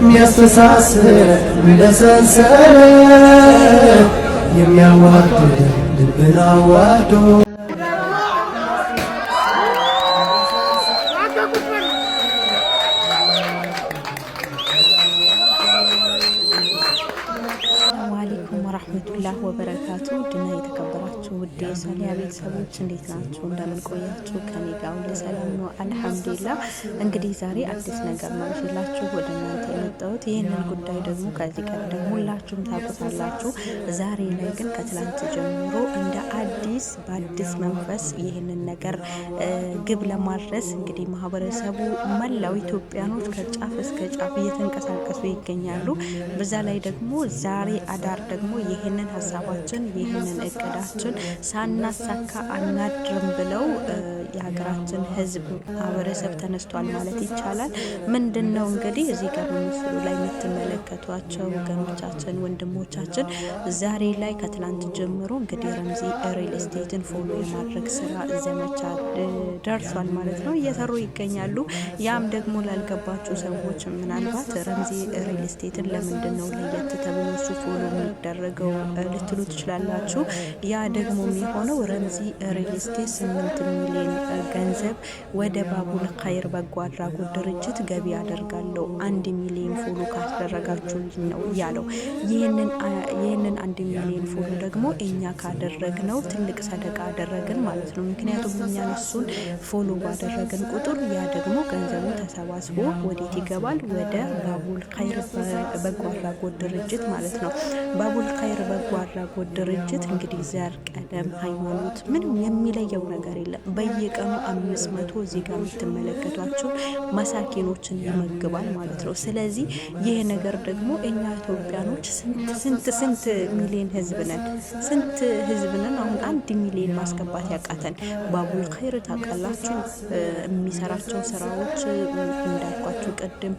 የሚያስተሳስር እንደ ሰንሰለት የሚያዋርድ ልብን አዋርዶ ውድ የሶሊያ ቤተሰቦች እንዴት ናችሁ? እንደምን ቆያችሁ? ከኔ ጋር ሁሉ ሰላም ነው አልሐምዱሊላ። እንግዲህ ዛሬ አዲስ ነገር ነው ወደ እናንተ የመጣሁት። ይህንን ጉዳይ ደግሞ ከዚህ ቀደም ሁላችሁም ታውቁታላችሁ። ዛሬ ላይ ግን ከትላንት ጀምሮ እንደ አዲስ በአዲስ መንፈስ ይህንን ነገር ግብ ለማድረስ እንግዲህ ማህበረሰቡ መላው ኢትዮጵያኖች ከጫፍ እስከ ጫፍ እየተንቀሳቀሱ ይገኛሉ። በዛ ላይ ደግሞ ዛሬ አዳር ደግሞ ይህንን ሀሳባችን ይህንን እቅዳችን ሳናሳካ አናድርም ብለው የሀገራችን ህዝብ ማህበረሰብ ተነስቷል ማለት ይቻላል። ምንድን ነው እንግዲህ እዚህ ጋር በምስሉ ላይ የምትመለከቷቸው ወገኖቻችን፣ ወንድሞቻችን ዛሬ ላይ ከትላንት ጀምሮ እንግዲህ ረምዚ ሪል ስቴትን ፎሎ የማድረግ ስራ ዘመቻ ደርሷል ማለት ነው፣ እየሰሩ ይገኛሉ። ያም ደግሞ ላልገባችሁ ሰዎች ምናልባት ረምዚ ሪል ስቴትን ለምንድን ነው ለየት ተብሎ እሱ ፎሎ የሚደረገው ልትሉ ትችላላችሁ። ያ ደግሞ የሚሆነው ረምዚ ሪል ስቴት ስምንት ሚሊዮን ገንዘብ ወደ ባቡል ካይር በጎ አድራጎት ድርጅት ገቢ አደርጋለሁ አንድ ሚሊዮን ፎሎ ካደረጋችሁ ነው ያለው። ይህንን አንድ ሚሊዮን ፎሎ ደግሞ እኛ ካደረግነው ትልቅ ሰደቃ አደረግን ማለት ነው። ምክንያቱም እኛ እሱን ፎሎ ባደረግን ቁጥር ያ ደግሞ ገንዘቡ ተሰባስቦ ወዴት ይገባል? ወደ ባቡል ካይር በጎ አድራጎት ድርጅት ማለት ነው። ባቡል ካይር በጎ አድራጎት ድርጅት እንግዲህ ዘር፣ ቀለም፣ ሃይማኖት ምንም የሚለየው ነገር የለም በየቀኑ አምስት መቶ እዚህ ጋር የምትመለከቷቸው መሳኪኖችን ይመግባል ማለት ነው። ስለዚህ ይህ ነገር ደግሞ እኛ ኢትዮጵያኖች ስንት ስንት ሚሊዮን ህዝብ ነን? ስንት ህዝብ ነን? አሁን አንድ ሚሊዮን ማስገባት ያቃተን ባቡል ኸይር ታውቃላችሁ፣ የሚሰራቸው ስራዎች እንዳልኳችሁ ቅድም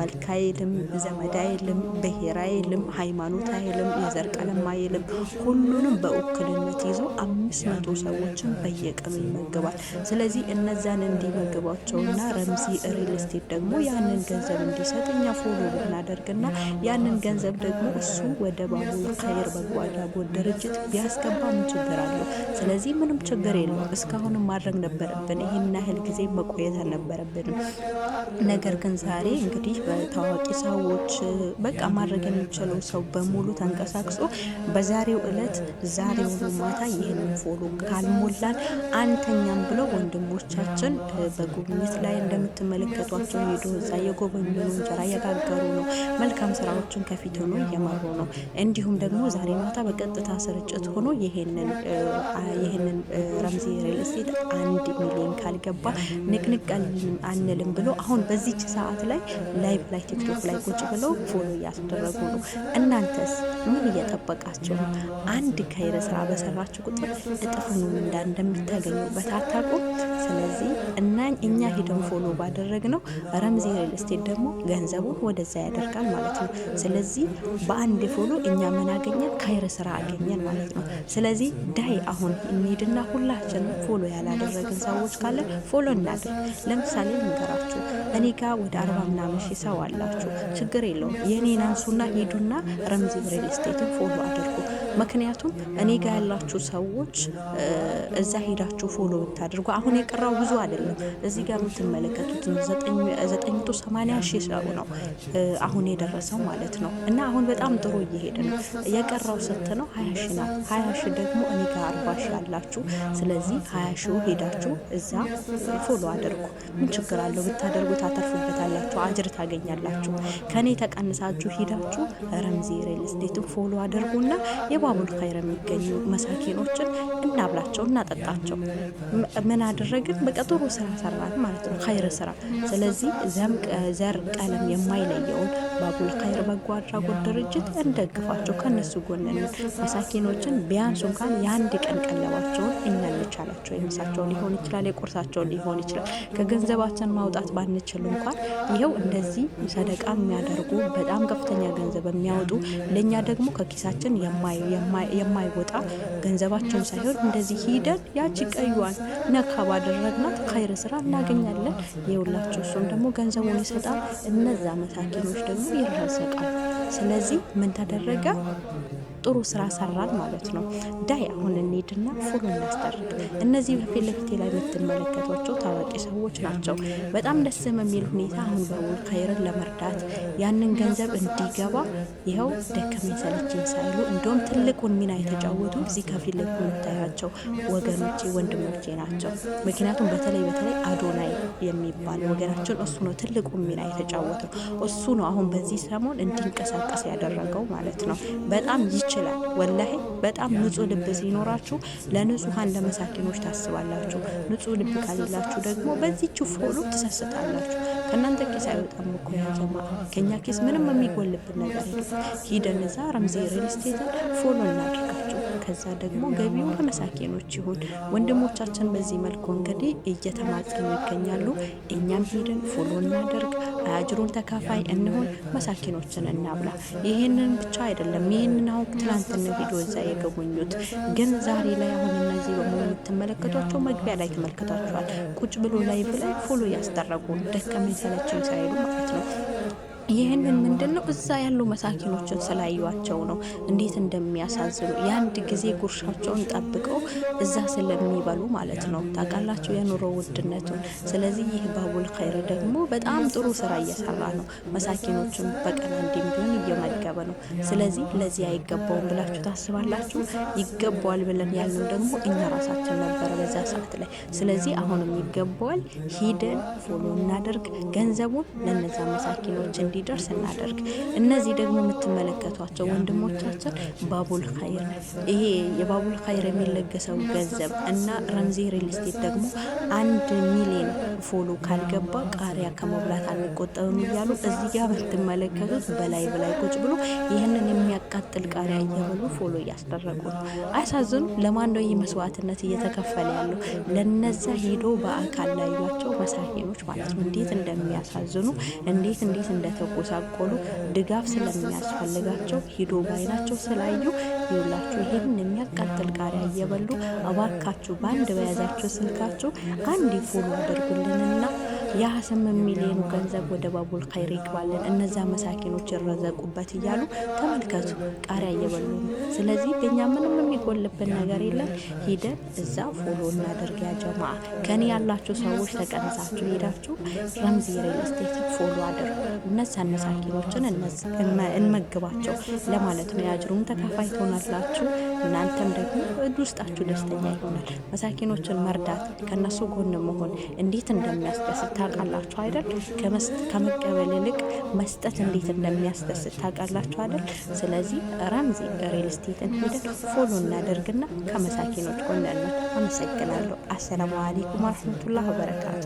መልክ አይልም፣ ዘመድ አይልም፣ ብሔር አይልም፣ ሃይማኖት አይልም፣ የዘር ቀለም አይልም። ሁሉንም በውክልነት ይዞ አምስት መቶ ሰዎችን በየቀኑ ይመግባል። ስለዚህ እነዛን እንዲመግባቸው እና ረምዚ ሪል ስቴት ደግሞ ያንን ገንዘብ እንዲሰጥ እኛ ፎሎ ብናደርግና ያንን ገንዘብ ደግሞ እሱ ወደ ባቡር ኸይር በጎ አድራጎት ድርጅት ቢያስገባ ምን ችግር አለው? ስለዚህ ምንም ችግር የለውም። እስካሁንም ማድረግ ነበረብን። ይህን ያህል ጊዜ መቆየት አልነበረብንም። ነገር ግን ዛሬ እንግዲህ በታዋቂ ሰዎች በቃ ማድረግ የሚችለው ሰው በሙሉ ተንቀሳቅሶ በዛሬው እለት ዛሬው ማታ ይህንን ፎሎ ካልሞላን አንተኛም ብለው ወንድሞቻችን በጉብኝት ላይ እንደምትመለከቷቸው ሄዶ እዛ የጎበኙ እንጀራ እየጋገሩ ነው። መልካም ስራዎችን ከፊት ሆኖ እየመሩ ነው። እንዲሁም ደግሞ ዛሬ ማታ በቀጥታ ስርጭት ሆኖ ይህንን ረምዚ ሪል ስቴት አንድ ሚሊዮን ካልገባ ንቅንቅ አንልም ብሎ አሁን በዚች ሰዓት ላይ ላይቭ ላይ ቲክቶክ ላይ ቁጭ ብለው ፎሎ እያስደረጉ ነው። እናንተስ ምን እየጠበቃቸው ነው? አንድ ከይረ ስራ በሰራችሁ ቁጥር እጥፍ ነው እንደሚታገኙበት አታውቁም። ስለዚህ እና እኛ ሂደን ፎሎ ባደረግ ነው ረምዚ ሪል ስቴት ደግሞ ገንዘቡን ወደዛ ያደርጋል ማለት ነው። ስለዚህ በአንድ ፎሎ እኛ ምን አገኘን? ካይር ስራ አገኘን ማለት ነው። ስለዚህ ዳይ አሁን እንሂድና ሁላችን ፎሎ ያላደረግን ሰዎች ካለን ፎሎ እናድርግ። ለምሳሌ ንገራችሁ እኔ ጋር ወደ አርባ ምናምን ሺህ ሰው አላችሁ፣ ችግር የለውም የእኔን አንሱና ሂዱና ረምዚ ሪል ስቴትን ፎሎ አድርጉ። ምክንያቱም እኔ ጋር ያላችሁ ሰዎች እዛ ሄዳችሁ ፎሎ ብታደርጉ አሁን የቀራው ብዙ አይደለም። እዚህ ጋር የምትመለከቱት ዘጠኝ መቶ ሰማንያ ሺህ ሰው ነው አሁን የደረሰው ማለት ነው። እና አሁን በጣም ጥሩ እየሄድ ነው። የቀራው ስንት ነው? ሀያ ሺ ናት። ሀያ ሺህ ደግሞ እኔ ጋር አርባ ሺህ አላችሁ። ስለዚህ ሀያ ሺው ሄዳችሁ እዛ ፎሎ አድርጉ። ምን ችግር አለው ብታደርጉ? ታተርፉበታላችሁ፣ አጅር ታገኛላችሁ። ከእኔ ተቀንሳችሁ ሄዳችሁ ረምዚ ሪል ስቴትን ፎሎ አድርጉና በአቡል ኸይር የሚገኙ መሳኪኖችን እናብላቸው፣ እናጠጣቸው። ምን አደረግን? በቃ ጥሩ ስራ ሰራን ማለት ነው፣ ኸይር ስራ። ስለዚህ ዘር ቀለም የማይለየውን በአቡል ኸይር በጎ አድራጎት ድርጅት እንደግፋቸው፣ ከነሱ ጎንን መሳኪኖችን ቢያንስ እንኳን የአንድ ቀን ቀለባቸውን እናንቻላቸው። የምሳቸው ሊሆን ይችላል፣ የቁርሳቸው ሊሆን ይችላል። ከገንዘባችን ማውጣት ባንችል እንኳን ይኸው እንደዚህ ሰደቃ የሚያደርጉ በጣም ከፍተኛ ገንዘብ የሚያወጡ ለእኛ ደግሞ ከኪሳችን የማይ የማይወጣ ገንዘባቸውን ሳይሆን እንደዚህ ሂደን ያቺ ቀዩዋን ነካ ባደረግናት ካይር ስራ እናገኛለን። የሁላቸው እሱም ደግሞ ገንዘቡን ይሰጣል። እነዛ መሳኪኖች ደግሞ ይረዘቃል። ስለዚህ ምን ተደረገ? ጥሩ ስራ ሰራን ማለት ነው። ዳይ አሁን እንሄድና ፎሎ እናስደርግ። እነዚህ በፊት ለፊቴ ላይ የምትመለከቷቸው ታዋቂ ሰዎች ናቸው። በጣም ደስ የሚል ሁኔታ አሁን በውል ካይርን ለመርዳት ያንን ገንዘብ እንዲገባ ይኸው ደከመኝ ሰለቸኝ ሳይሉ እንዲሁም ትልቁን ሚና የተጫወቱ እዚህ ከፊት ለፊት የምታያቸው ወገኖቼ ወንድሞቼ ናቸው። ምክንያቱም በተለይ በተለይ አዶናይ የሚባል ወገናችን እሱ ነው ትልቁ ሚና የተጫወተው። እሱ ነው አሁን በዚህ ሰሞን እንዲንቀሳቀስ ያደረገው ማለት ነው። በጣም ይች ይችላል። ወላሂ በጣም ንጹህ ልብ ሲኖራችሁ ለንጹሀን ለመሳኪኖች ታስባላችሁ። ንጹህ ልብ ካሌላችሁ ደግሞ በዚችው ፎሎ ትሰስታላችሁ። ከእናንተ ኪስ አይወጣም እኮ ያጀማ ከእኛ ኪስ ምንም የሚጎልብን ነገር ሄደን እዛ ረምዚ ሪል ስቴትን ፎሎ እናድርግ። ከዛ ደግሞ ገቢው ለመሳኪኖች ይሁን። ወንድሞቻችን በዚህ መልኩ እንግዲህ እየተማጸኑ ይገኛሉ። እኛም ሄድን ፎሎ እናደርግ፣ አያጅሩን ተካፋይ እንሆን፣ መሳኪኖችን እናብላ። ይህንን ብቻ አይደለም። ይህንን አሁን ትናንትና ቪዲዮ እዛ የገቡኙት ግን ዛሬ ላይ አሁን እነዚህ በመሆኑ የምትመለከቷቸው መግቢያ ላይ ተመልክታችኋል። ቁጭ ብሎ ላይ ብለን ፎሎ እያስደረጉ ደከመኝ ሰለቸኝ ሳይሉ ማለት ነው። ይህንን ምንድን ነው እዛ ያሉ መሳኪኖችን ስላዩቸው ነው። እንዴት እንደሚያሳዝኑ የአንድ ጊዜ ጉርሻቸውን ጠብቀው እዛ ስለሚበሉ ማለት ነው። ታውቃላችሁ የኑሮ ውድነቱን። ስለዚህ ይህ ባቡል ኸይር ደግሞ በጣም ጥሩ ስራ እየሰራ ነው። መሳኪኖችን በቀን አንዴም ቢሆን እየመገበ ነው። ስለዚህ ለዚህ አይገባውም ብላችሁ ታስባላችሁ? ይገባዋል ብለን ያለው ደግሞ እኛ ራሳችን ነበር። ሰዓት ላይ። ስለዚህ አሁንም ይገባዋል ሂደን ፎሎ እናደርግ፣ ገንዘቡን ለነዛ መሳኪኖች እንዲደርስ እናደርግ። እነዚህ ደግሞ የምትመለከቷቸው ወንድሞቻችን ባቡል ኸይር፣ ይሄ የባቡል ኸይር የሚለገሰው ገንዘብ እና ረምዚ ሪል ስቴት ደግሞ አንድ ሚሊዮን ፎሎ ካልገባ ቃሪያ ከመብላት አንቆጠብም እያሉ እዚህ ጋር ብትመለከቱት በላይ በላይ ቁጭ ብሎ ይህንን የሚያቃጥል ቃሪያ እየበሉ ፎሎ እያስደረጉ ነው። አያሳዝኑ? ለማን ነው ይህ መስዋዕትነት እየተከፈለ ያለው? ለነዛ ሄዶ በአካል ላዩቸው መሳኪኖች ማለት ነው እንዴት እንደሚያሳዝኑ እንዴት እንዴት እንደተጎሳቆሉ ድጋፍ ስለሚያስፈልጋቸው ሂዶ ባይናቸው ስላዩ ይውላችሁ ይህን የሚያቃጥል ቃሪያ እየበሉ እባካችሁ በአንድ በያዛችሁ ስልካችሁ አንድ ፎሎ አድርጉልንና የሀስምንት ሚሊዮን ገንዘብ ወደ ባቡል ኸይር ይግባልን፣ እነዛ መሳኪኖች ይረዘቁበት እያሉ ተመልከቱ፣ ቃሪያ እየበሉ ነው። ስለዚህ በእኛ ምንም የሚጎልብን ነገር የለም። ሂደን እዛ ፎሎ እናደርግ። ያ ጀማ ከኔ ያላችሁ ሰዎች ተቀንሳችሁ ሄዳችሁ ረምዚ ሪል ስቴት ፎሎ አድርጉ። እነዛ መሳኪኖችን እንመግባቸው ለማለት ነው። የአጅሩም ተካፋይ ትሆናላችሁ። እናንተም ደግሞ ውስጣችሁ ደስተኛ ይሆናል። መሳኪኖችን መርዳት ከእነሱ ጎን መሆን እንዴት እንደሚያስደስት ታውቃላችሁ አይደል? ከመቀበል ይልቅ መስጠት እንዴት እንደሚያስደስት ታውቃላችሁ አይደል? ስለዚህ ራምዚ ሪል ስቴትን ሄደን ፎሎ እናደርግና ከመሳኪኖች ጎን ነን። አመሰግናለሁ። አሰላሙ አሌይኩም ወረህመቱላህ ወበረካቱ።